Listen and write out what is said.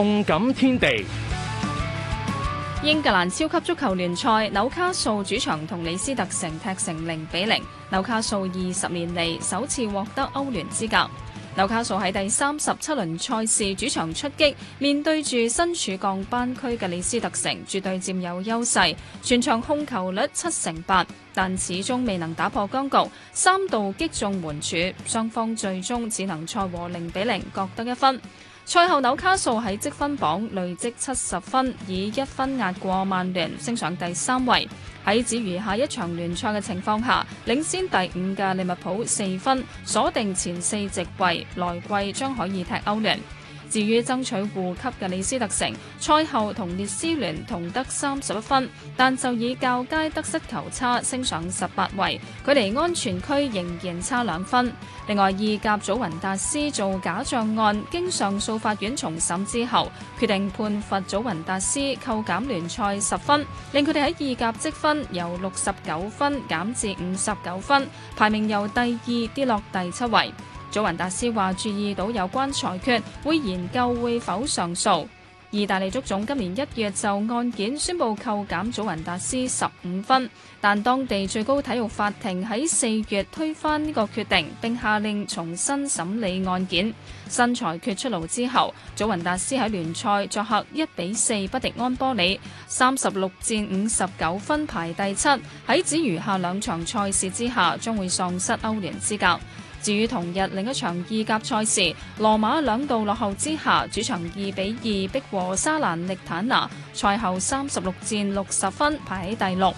動感天地，英格蘭超級足球聯賽，紐卡素主場同李斯特城踢成零比零，紐卡素二十年嚟首次獲得歐聯資格。紐卡素喺第三十七輪賽事主場出擊，面對住身處降班區嘅李斯特城，絕對佔有優勢，全場控球率七成八，但始終未能打破僵局，三度擊中門柱，雙方最終只能賽和零比零，各得一分。賽後紐卡素喺積分榜累積七十分，以一分壓過曼聯，升上第三位。喺只餘下一場聯賽嘅情況下，領先第五嘅利物浦四分，鎖定前四席位，來季將可以踢歐聯。至於爭取護級嘅李斯特城，賽後同列斯聯同得三十一分，但就以較佳得失球差升上十八位，距離安全區仍然差兩分。另外，二甲祖雲達斯做假賬案經上訴法院重審之後，決定判罰祖雲達斯扣減聯賽十分，令佢哋喺二甲積分由六十九分減至五十九分，排名由第二跌落第七位。祖雲達斯話注意到有關裁決，會研究會否上訴。意大利足總今年一月就案件宣布扣減祖雲達斯十五分，但當地最高體育法庭喺四月推翻呢個決定，並下令重新審理案件。新裁決出爐之後，祖雲達斯喺聯賽作客一比四不敵安波里，三十六戰五十九分排第七，喺只餘下兩場賽事之下，將會喪失歐聯資格。至於同日另一場意甲賽事，羅馬兩度落後之下，主場二比二逼和沙蘭力坦拿，賽後三十六戰六十分，排喺第六。